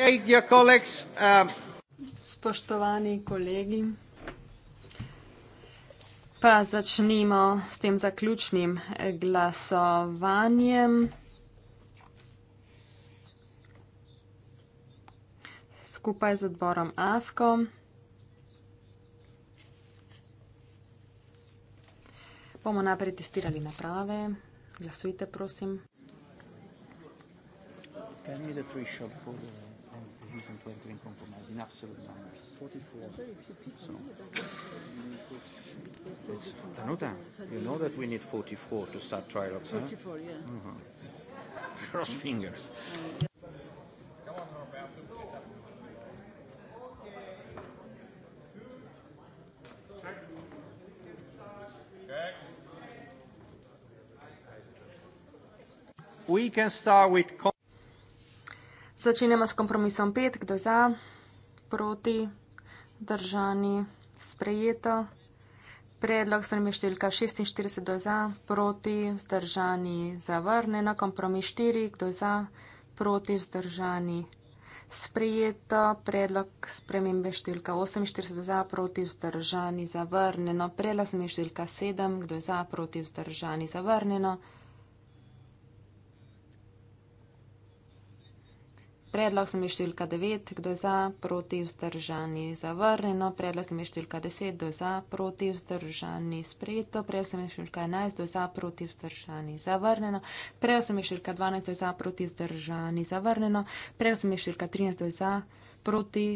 Hey, colleagues, um... Spoštovani kolegi, pa začnimo s tem zaključnim glasovanjem. Skupaj z odborom AFKO. Bomo najprej testirali naprave. Glasujte, prosim. Tell me the three shop for the entering compromise in absolute numbers. 44. So. It's Tanuta. You know that we need 44 to start trilogues, 44, huh? 44, yeah. Mm -hmm. Cross fingers. We can start with... Začenjamo s kompromisom 5, kdo je za, proti, držani, sprejeto. Predlog s nami številka 46, kdo je za, proti, zdržani, zavrnjeno. Kompromis 4, kdo je za, proti, zdržani. Sprijeto predlog spremembe številka 48 za proti vzdržani zavrnjeno. Prela sem je številka 7, kdo je za proti vzdržani zavrnjeno. Predlog sem je številka 9, kdo je za, proti vzdržani, zavrnjeno. Predlog sem je številka 10, kdo je za, proti vzdržani, sprejeto. Predlog sem je številka 11, kdo je za, proti vzdržani, zavrnjeno. Predlog sem je številka 12, kdo je za, proti vzdržani, zavrnjeno. Predlog sem je številka 13, kdo je za, proti.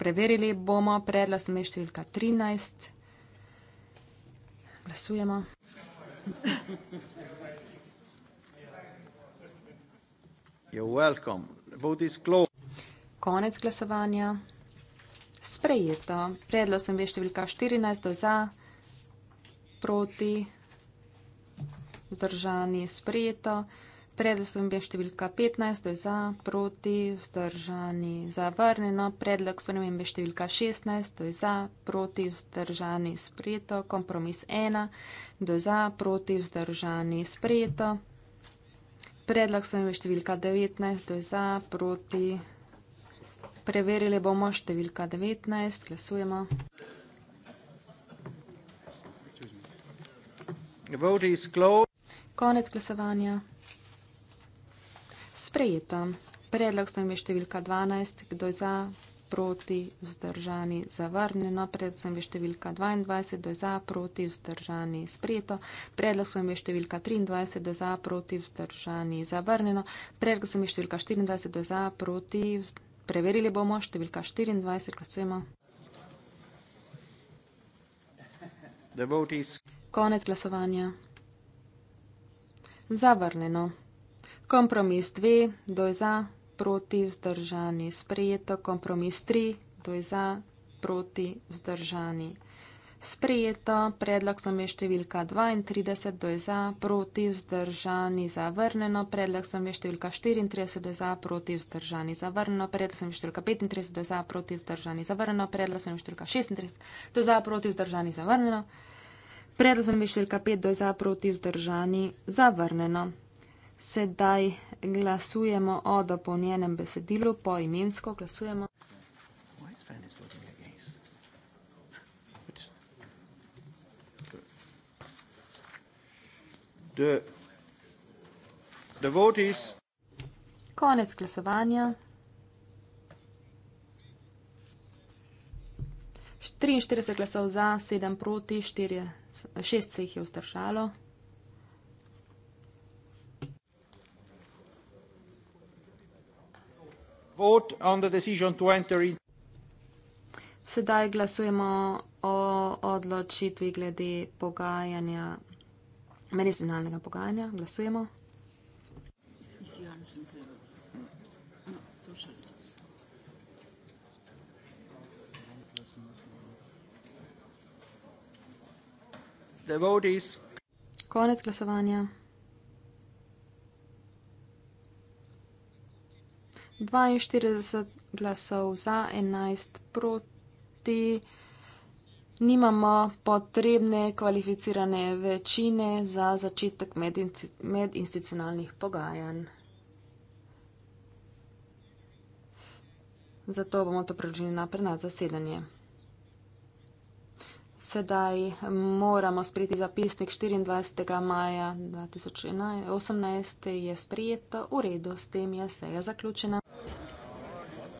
Preverili bomo, predlog sem je številka 13. Glasujemo. You're welcome. Konec glasovanja. Sprejeto. Predlog sem veš številka 14 do za, proti, vzdržani, sprejeto. Predlog sem veš številka 15 do za, proti, vzdržani, zavrnjeno. Predlog sem veš številka 16 do za, proti, vzdržani, sprejeto. Kompromis 1 do za, proti, vzdržani, sprejeto. Predlog sem je številka 19, to je za, proti. Preverili bomo številka 19, glasujemo. Konec glasovanja. Sprejeta. Predlog sem je številka 12, kdo je za, proti, vzdržani, zavrnjeno. Predlog sem je številka 22, do je za, proti, vzdržani, sprejeto. Predlog sem je številka 23, do je za, proti, vzdržani, zavrnjeno. Predlog sem je številka 24, do je za, proti, preverili bomo številka 24, glasujemo. Is... Konec glasovanja. Zavrnjeno. Kompromis 2, do je za proti, vzdržani, sprejeto, kompromis 3, to je za, proti, vzdržani. Sprejeto, predlog samo številka 32, to je za, proti, vzdržani, zavrnjeno, predlog samo številka 34, to je za, proti, vzdržani, zavrnjeno, predlog samo številka 35, to je za, proti, vzdržani, zavrnjeno, predlog samo številka 36, to je za, proti, vzdržani, zavrnjeno. Predlog samo številka 5, to je za, proti, vzdržani, zavrnjeno. Sedaj glasujemo o dopolnjenem besedilu, po imensko glasujemo. The, the vote is... Konec glasovanja. 43 glasov za, 7 proti, 4, 6 se jih je vzdržalo. Sedaj glasujemo o odločitvi glede pogajanja, medicinalnega pogajanja. Glasujemo. Konec glasovanja. 42 glasov za, 11 proti. Nimamo potrebne kvalificirane večine za začetek medinstitucionalnih pogajanj. Zato bomo to preložili na prenas zasedanje. Sedaj moramo sprejeti zapisnik 24. maja 2018. Je sprejeto, v redu, s tem je seja zaključena.